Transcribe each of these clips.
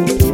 Thank you.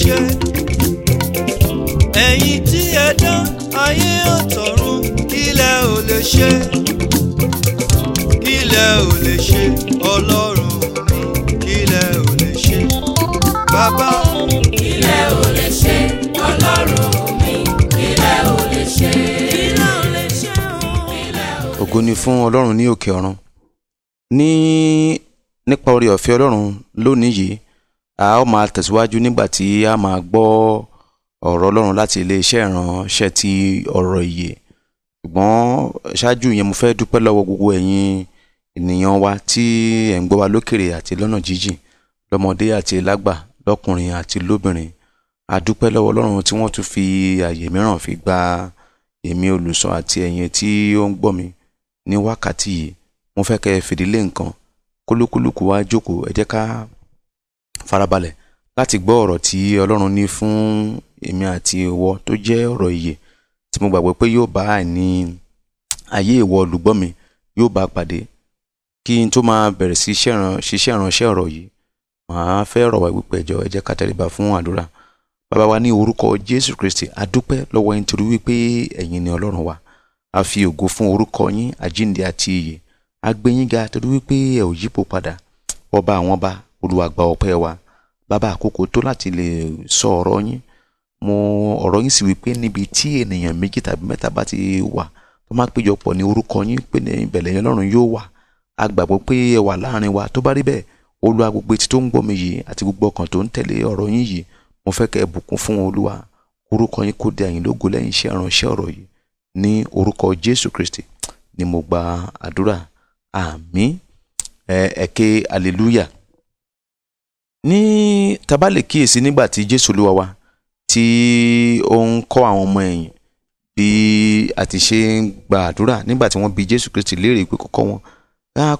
ṣe ẹ̀yin tí ẹ dán ayé ọ̀tọ̀run kílẹ̀ ò lè ṣe kílẹ̀ ò lè ṣe ọlọ́run mi kílẹ̀ ò lè ṣe bàbá. kílẹ̀ ò lè ṣe ọlọ́run mi kílẹ̀ ò lè ṣe. ògo ni fún ọlọ́run ní òkè ọ̀run ní nípa oore ọ̀fẹ́ ọlọ́run lónìí yìí a ó máa tẹ̀síwájú nígbà tí a máa gbọ́ ọ̀rọ̀ ọlọ́run láti iléeṣẹ́ ìránṣẹ́ ti ọ̀rọ̀ ìyè ṣùgbọ́n ṣáájú ìyẹn mo fẹ́ dúpẹ́ lọ́wọ́ gbogbo ẹ̀yin ènìyàn wa tí ẹ̀ ń gbọ́ wa lókèrè àti lọ́nà jíjìn lọ́mọdé àti lágbà lọ́kùnrin àti lóbìnrin a dúpẹ́ lọ́wọ́ ọlọ́run tí wọ́n tún fi àyè mìíràn fi gba èmi olùsọ àti ẹ̀yin tí ó ń gbọ́ mi ní wákàtí yìí mo fẹ́ kẹ́ fìdílé nǹkan kólúkúlùkù wá jókòó ẹ jẹ́ ká farabalẹ̀ láti gbọ́ ọ̀rọ̀ tí ọlọ́run ní fún èmi àti ìwọ tó jẹ́ ọ̀rọ̀ ìyè tí mo gbàgbọ́ pé yóò bá àìní ayé ìwọ olùgbọ́ mi yóò bá pàdé kí n tó máa bẹ̀rẹ̀ sí ṣiṣẹ́ ìránṣẹ́ ọ̀rọ̀ yìí màá fẹ́ rọ̀ wá wípé ẹ̀jọ̀ ẹ jẹ́ ká tẹríba fún àdúrà bàbá wa ní orúkọ jésù kristi a lọ́wọ́ yín torí wípé ẹ̀yin ni ọlọ́run wa a fi ògo fún orúkọ yín àjíǹde àti ìyè a gbé yín ga torí wípé ẹ ò yípo padà ọba àwọn ọba Olúwa gba ọpẹ́ wa bàbá àkókò tó láti lè sọ ọ̀rọ̀ yín mo ọ̀rọ̀ yín sì wípé níbi tí ènìyàn méjì tàbí mẹ́ta bá ti wà tó máa péjọpọ̀ ní orúkọ yín pé ní ìbẹ̀lẹ̀ yẹn lọ́run yóò wà a gbàgbọ́ pé ẹ wà láàrin wa tó bá rí bẹ́ẹ̀ Olúwa gbogbo etí tó ń gbọ́ mi yìí àti gbogbo ọkàn tó ń tẹ̀lé ọ̀rọ̀ yín yìí mo fẹ́ kẹ́ ẹ bùkún fún Olúwa orúkọ yín kó di àyìn lógo lẹ́yìn iṣẹ́ ìránṣẹ́ ọ̀rọ̀ yìí ní orúkọ Jésù Kristi ni mo gba àdúrà àmín ẹ hallelujah ní tabalẹ̀ kíyèsí nígbà tí jésù olúwa wa tí ó ń kọ́ àwọn ọmọ ẹ̀yìn bí a ti ṣe ń gba nígbà tí wọ́n bi jésù kristi léèrè pé kọ́kọ́ wọn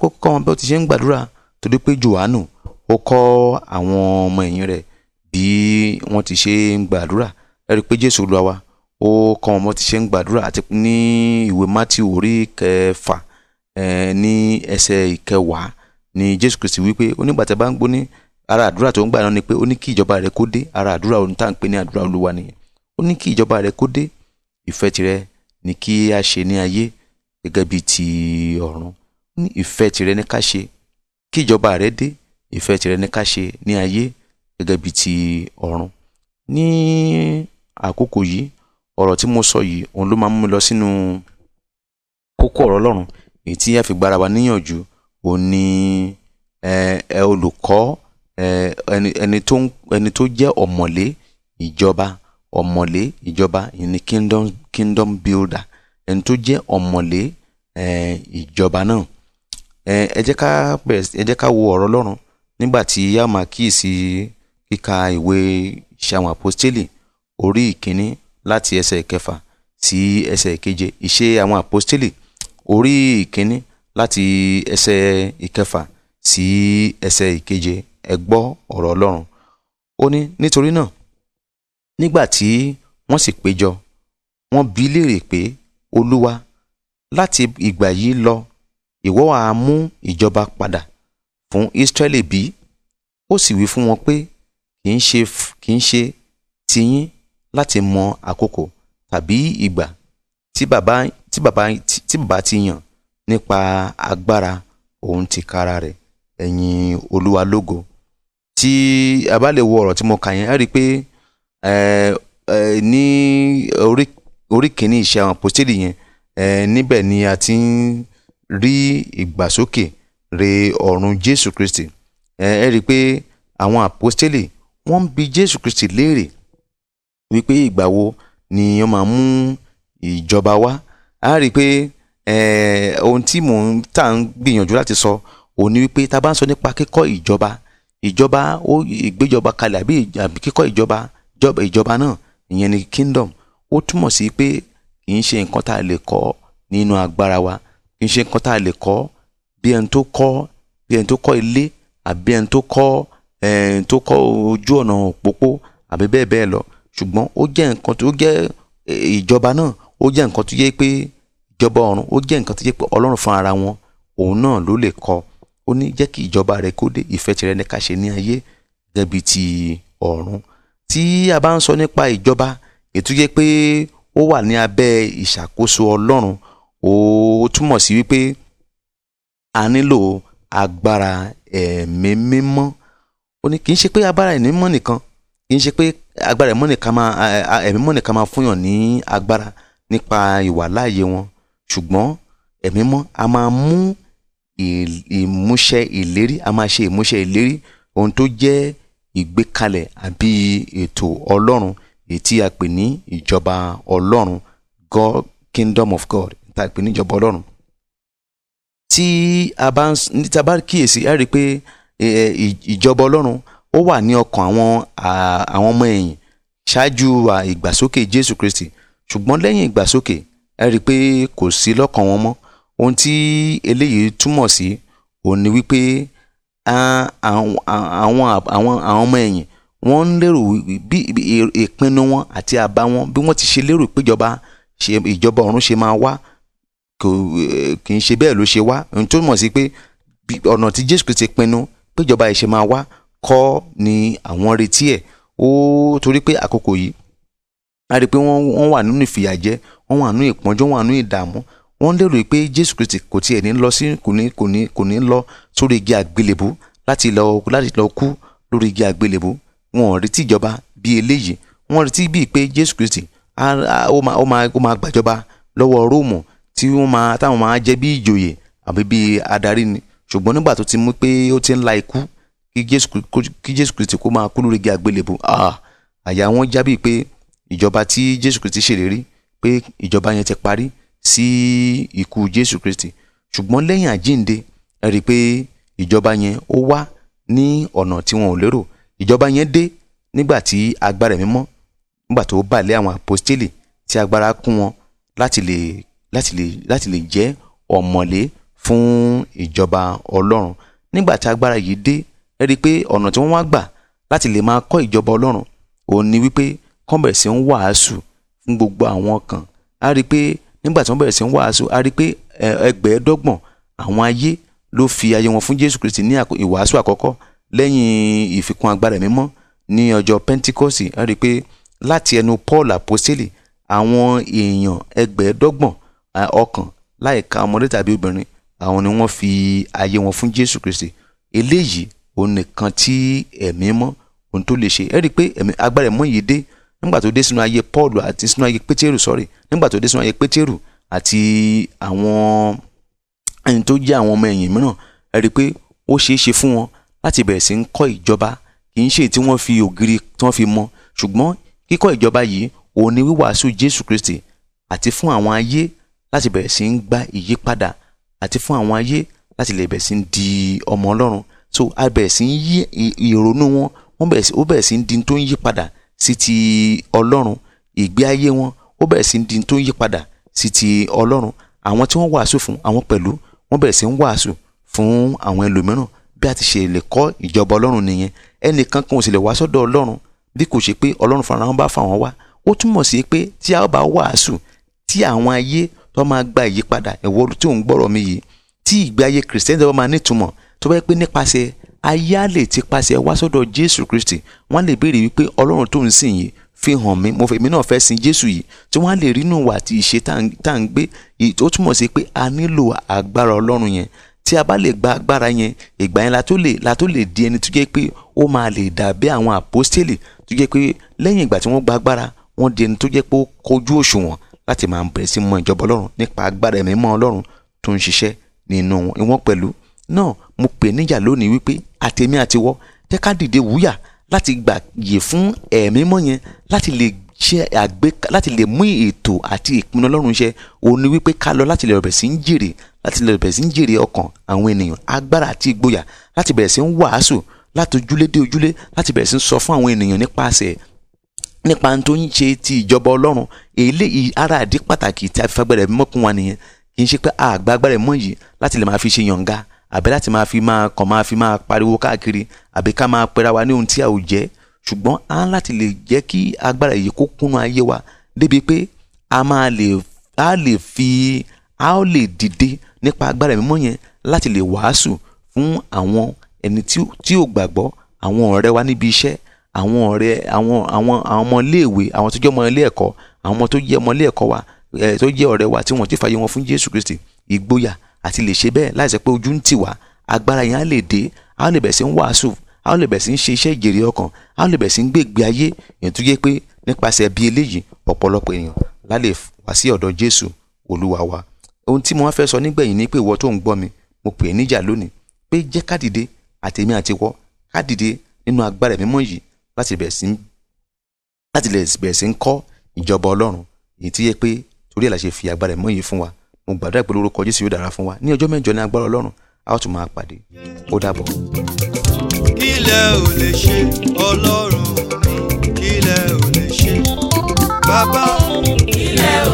kọ́kọ́ wọn bí wọ́n ti ṣe ń gbàdúrà torí pé johannu ó kọ́ àwọn ọmọ ẹ̀yìn rẹ̀ bí wọ́n ti ṣe ń gbàdúrà lẹ́rìí pé jésù olúwa wa ó kọ́ wọn bí wọ́n ti ṣe ń gbàdúrà àti ní ìwé matthew orí kẹfà eh, ní ẹsẹ̀ ìkẹwàá ni jésù kristi wípé onígbàtẹ́ bá ń gbóní ara àdúrà tó ń gbà náà ni pé ó ní kí ìjọba rẹ kó dé ara àdúrà ohun tá à ń pè ní àdúrà olúwa nìyẹn ó ní kí ìjọba rẹ kó dé ìfẹ́ tirẹ̀ ni kí a ṣe ní ayé gẹ́gẹ́ bíi ti ọ̀run ní ìfẹ́ tirẹ̀ ni ká ṣe kí ìjọba rẹ dé ìfẹ́ tirẹ̀ ni ká ṣe ní ayé gẹ́gẹ́ bíi ti ọ̀run ní àkókò yìí ọ̀rọ̀ tí mo sọ yìí òun ló máa mú mi lọ sínú kókó ọ̀rọ̀ ọlọ́run èyí tí a fi gbára wa níyànjú òun ni olùkọ́ ẹni tó ẹni tó jẹ́ ọ̀mọ̀lé ìjọba ọ̀mọ̀lé ìjọba ìní kingdom kingdom builder ẹni tó jẹ́ ọ̀mọ̀lé ìjọba náà ẹ jẹ́ ká bẹ̀rẹ̀ ẹ jẹ́ ká wo ọ̀rọ̀ Ọlọ́run nígbà tí a máa kíyèsí kíka ìwé ṣàwọn àpọ́stélì orí ìkíní láti ẹsẹ̀ kẹfà sí ẹsẹ̀ keje ìṣe àwọn àpọ́stélì orí ìkíní láti ẹsẹ̀ ìkẹfà sí ẹsẹ̀ ìkeje ẹ gbọ́ ọ̀rọ̀ ọlọ́run ó ní nítorí náà nígbà tí wọ́n sì péjọ wọ́n bi léèrè pé olúwa láti ìgbà yìí lọ ìwọ wàá mú ìjọba padà fún Ísírẹ́lì bí ó sì wí fún wọn pé kì í ṣe kì í ṣe tiyín láti mọ àkókò tàbí ìgbà tí bàbá tí bàbá tí bàbá ti yàn nípa agbára òun tìkára rẹ̀ ẹ̀yin olúwa lógo tí a bá lè wo ọ̀rọ̀ tí mo kà yẹn a rí i pé ní orí kìíní iṣẹ́ àwọn apostoli yẹn níbẹ̀ ni a ti ń rí ìgbàsókè re ọ̀run Jésù Kristi ẹ rí i pé àwọn apostoli wọ́n ń bi Jésù Kristi léèrè wípé ìgbà wo ni wọ́n máa mú ìjọba wá a rí i pé ohun tí mò ń tà ń gbìyànjú láti sọ òun ni wípé tá a bá ń sọ nípa kíkọ́ ìjọba ìjọba ó ìgbéjọba kalẹ̀ àbí kíkọ́ ìjọba ìjọba náà ìyẹn ni kingdom ó túmọ̀ sí pé kì í ṣe nǹkan tá a lè kọ́ nínú agbára wa kì í ṣe nǹkan tá a lè kọ́ bí ẹni tó kọ́ bí ẹni tó kọ́ ilé àbí ẹni tó kọ́ ẹni eh, tó kọ́ ojú ọ̀nà òpópó àbí bẹ́ẹ̀ bẹ́ẹ̀ lọ ṣùgbọ́n ó jẹ́ nǹkan tó jẹ́ eh, ìjọba náà ó jẹ́ nǹkan tó yẹ pé ìjọba ọ̀run ó jẹ́ nǹkan tó yẹ pé ọlọ́run fún ara wọn òun náà ló lè kọ́ ó ní jẹ́ kí ìjọba rẹ kó dé ìfẹ́ tirẹ̀ ní ká ṣe ní ayé gẹ́bí ti ọ̀run tí a bá ń sọ nípa ìjọba ètò yẹ pé ó wà ní abẹ́ ìṣàkóso ọlọ́run ó túmọ̀ sí wípé a nílò agbára ẹ̀mí mímọ́ ó ní kì í ṣe pé agbára ẹ̀mí mímọ́ nìkan kì í ṣe pé agbára ẹ̀mí mímọ́ nìkan máa fúnyàn ní agbára nípa ìwàláàyè wọn ṣùgbọ́n ẹ̀mí mímọ́ a máa mú ìmúṣẹ ìlérí a máa ṣe ìmúṣẹ ìlérí ohun tó jẹ́ ìgbékalẹ̀ àbí ètò ọlọ́run èyí tí a pè ní ìjọba ọlọ́run God kingdom of God tá a pè ní ìjọba ọlọ́run tí a bá ń tí a bá kíyèsí a rí i pé ìjọba ọlọ́run ó wà ní ọkàn àwọn àwọn ọmọ ẹ̀yìn ṣáájú ìgbàsókè Jésù Kristi ṣùgbọ́n lẹ́yìn ìgbàsókè ẹ rí i pé kò sí lọ́kàn wọn mọ́ ohun tí eléyìí túmọ̀ sí òun ni wípé àwọn àwọn ọmọ ẹ̀yìn wọ́n ń lérò bí ìpinnu wọn àti àbá wọn bí wọ́n ti ṣe lérò péjọba ìjọba ọ̀run ṣe máa wá kì í ṣe bẹ́ẹ̀ ló ṣe wá ohun tó mọ̀ sí pé ọ̀nà tí Jésù Kristi pinnu péjọba ìṣe máa wá kọ́ ni àwọn retí ẹ̀ ó torí pé àkókò yìí a rí i pé wọ́n wà nínú ìfìyàjẹ wọ́n wà nínú ìpọ́njú wọ́n wà nínú ìdààmú wọ́n lérò pé jésù kristi kò tiẹ̀ ní lọ sí kò ní kò ní kò ní lọ sórí igi àgbélébù láti lọ láti lọ kú lórí igi àgbélébù wọn ò retí ìjọba bíi eléyìí wọn retí bíi pé jésù kristi ó máa ó máa ó máa gbàjọba lọ́wọ́ róòmù tí wọ́n máa táwọn máa jẹ́ bíi ìjòyè àbí bíi adarí ni ṣùgbọ́n nígbà tó ti mú pé ó ti ń la ikú kí jésù kristi kó máa kú lórí igi àgbélébù àyà wọn já bíi pé ìjọba tí jésù kristi ṣèlérí pé ìjọba yẹn ti parí sí ikú Jésù Kristi ṣùgbọ́n lẹ́yìn àjínde ẹ rí i pé ìjọba yẹn ó wá ní ọ̀nà tí wọn ò lérò ìjọba yẹn dé nígbà tí agbára ẹ̀mí mímọ́ nígbà tó bà lé àwọn àpọ́stélì tí agbára kún wọn láti lè láti lè láti lè jẹ́ ọ̀mọ̀lé fún ìjọba Ọlọ́run nígbà tí agbára yìí dé ẹ rí i pé ọ̀nà tí wọ́n wá gbà láti lè máa kọ́ ìjọba Ọlọ́run òun ni wípé kọ́mbẹ̀sì ń wàásù fún gbogbo àwọn kan á rí i pé nígbà tí wọ́n bẹ̀rẹ̀ sí ń wàásù a rí i pé ẹgbẹ̀ẹ́dọ́gbọ̀n àwọn ayé ló fi ayé wọn fún Jésù Kristi ní ìwàásù àkọ́kọ́ lẹ́yìn ìfikún agbára mímọ́ ní ọjọ́ Pentikọ́sì a rí i pé láti ẹnu Paul àpọ́sítélì àwọn èèyàn ẹgbẹ̀ẹ́dọ́gbọ̀n ọkàn láìka ọmọdé tàbí obìnrin àwọn ni wọ́n fi ayé wọn fún Jésù Kristi eléyìí òun nìkan tí ẹ̀mí mọ́ òun tó lè ṣe ẹ rí pé agbára ẹ̀mọ́ yìí dé nígbà tó dé sínú ayé Paul àti sínú ayé Pétérù sorry nígbà tó dé sínú ayé Pétérù àti àwọn ẹni tó jẹ́ àwọn ọmọ ẹ̀yìn mìíràn ẹ rí i pé ó ṣeé ṣe fún wọn láti bẹ̀rẹ̀ sí ń kọ́ ìjọba kì í ṣe tí wọ́n fi ògiri tí wọ́n fi mọ ṣùgbọ́n kíkọ́ ìjọba yìí òun ni wíwàásù Jésù Kristi àti fún àwọn ayé láti bẹ̀rẹ̀ sí ń gba ìyípadà àti fún àwọn ayé láti lè bẹ̀rẹ̀ sí ń di ọmọ Ọlọ́run so a bẹ̀rẹ̀ sí ń yí ìrònú wọn ó bẹ̀rẹ̀ sí ń di tó ń yí padà sí ti ọlọ́run ìgbé ayé wọn ó bẹ̀rẹ̀ sí di tó ń yí padà sí ti ọlọ́run àwọn tí wọ́n wàásù fún àwọn pẹ̀lú wọ́n bẹ̀rẹ̀ sí ń wàásù fún àwọn ẹlòmíràn bí a ti ṣe lè kọ́ ìjọba ọlọ́run nìyẹn ẹnìkan kan ò sì lè wá sọ́dọ̀ ọlọ́run bí kò ṣe pé ọlọ́run fúnra wọn bá fà wọ́n wá ó túmọ̀ sí pé tí a bá wàásù tí àwọn ayé tó máa gba ìyípadà ẹ̀wọ́ tí ò ń gbọ́rọ̀ mi yìí tí ìgbé ayé kìrìsìtẹ́nì tó máa nítumọ̀ tó bá yẹ pé nípasẹ̀ ayé á lè ti pasẹ̀ wá sọ́dọ̀ Jésù Kristi wọ́n lè béèrè wípé Ọlọ́run tó ń sìn yìí fi hàn mí mo fẹ́ èmi náà fẹ́ sin Jésù yìí tí wọ́n á lè rí nùwà àti ìṣe tá à ń gbé tó túmọ̀ sí pé a nílò agbára Ọlọ́run yẹn tí a bá lè gba agbára yẹn ìgbà yẹn la tó lè la tó lè di ẹni tó jẹ́ pé ó máa lè dàbí àwọn àpọ́stélì tó jẹ́ pé lẹ́yìn ìgbà tí wọ́n gba agbára wọ́n di ẹni tó jẹ́ pé ó kojú òṣùwọ̀n láti máa bẹ̀rẹ̀ sí mọ ìjọba Ọlọ́run nípa agbára ẹ̀mí mọ́ Ọlọ́run tó ń ṣiṣẹ́ nínú wọn pẹ̀lú náà mo pè níjà lónìí wípé àtèmi àtiwọ́ jẹ́ ká dìde wúyà láti gbàyè fún ẹ̀mí mọ́ yẹn láti lè ṣe àgbé láti lè mú ètò àti ìpinnu ọlọ́run ṣe òun ni wípé ká lọ láti lè bẹ̀rẹ̀ sí ń jèrè láti lè bẹ̀rẹ̀ sí ń jèrè ọkàn àwọn ènìyàn agbára àti ìgboyà láti bẹ̀rẹ̀ sí ń wàásù láti ojúlé dé ojúlé láti bẹ̀rẹ̀ sí ń sọ fún àwọn ènìyàn nípasẹ̀ nípa ohun tó ń ṣe ti ìjọba ọlọ́run eléyìí ara àdí pàtàkì tí a fi fagbẹ́rẹ́ mọ́kún wa nìyẹn kì í ṣe pé àgbàgbẹ́rẹ́ mọ́ yìí láti lè máa fi ṣe yànga àbí láti máa fi máa kàn máa fi máa pariwo káàkiri àbí ká máa pera wa ní ohun tí a ò jẹ́ ṣùgbọ́n a ń láti lè jẹ́ kí agbára yìí kó kúnnú ayé wa débi pé a máa lè a lè fi a ó lè dìde nípa agbára mímọ́ yẹn láti lè wàásù fún àwọn ẹni tí ò gbàgbọ́ àwọn ọ̀rẹ́ wa níbi iṣẹ́ àwọn ọ̀rẹ́ àwọn àwọn àwọn ọmọ iléèwé àwọn tó jẹ́ ọmọ ilé ẹ̀kọ́ àwọn ọmọ tó jẹ́ ọmọ ilé ẹ̀kọ́ wa tó jẹ́ ọ̀rẹ́ wa tí wọ́n ti fàyè wọn fún Jésù Kristi ìgboyà àti lè ṣe bẹ́ẹ̀ láìsí pé ojú ń tì wá agbára yẹn á lè dé á lè bẹ̀ sí ń wàásù á lè bẹ̀ sí ń ṣe iṣẹ́ ìjèrè ọkàn á lè bẹ̀ sí ń gbègbè ayé èyí tó yẹ pé nípasẹ̀ bí eléyìí ọ̀pọ̀lọpọ̀ èèyàn lálẹ́ wá sí ọ̀dọ̀ Jésù Olúwa wa ohun tí mo wá fẹ́ sọ nígbẹ̀yìn ni pé ìwọ tó ń gbọ́ mi mo pè é níjà lónìí pé jẹ́ ká dìde àtèmi àtiwọ ká nínú agbára mímọ́ yìí láti bẹ̀ sí láti bẹ̀ sí ń kọ́ ìjọba Ọlọ́run èyí tí yẹ pé torí ẹ̀ la ṣe fi agbára mímọ́ yìí fún wa mo gbàdúrà pé lórúkọ Jésù yóò dára fún wa ní ọjọ́ mẹ́jọ ní agbára Ọlọ́run a ó tún máa pàdé ó dàbọ̀. kílẹ̀ ò lè ṣe Ọlọ́run mi kílẹ̀ ò lè ṣe bàbá kílẹ̀ ò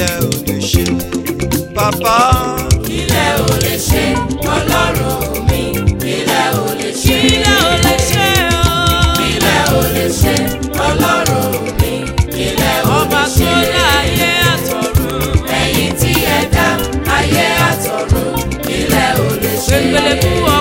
kílẹ̀ ò lè ṣe bàbá. kílẹ̀ ò lè ṣe ọlọ́run mi kílẹ̀ ò lè ṣe. kílẹ̀ ò lè ṣe o. Oh. kílẹ̀ ò lè ṣe ọlọ́run mi kílẹ̀ ò lè ṣe. ọba tó dá ayé àtọ̀run. ẹ̀yin tí ẹ dá ayé àtọ̀run kílẹ̀ ò lè ṣe. pépélé fún ọ.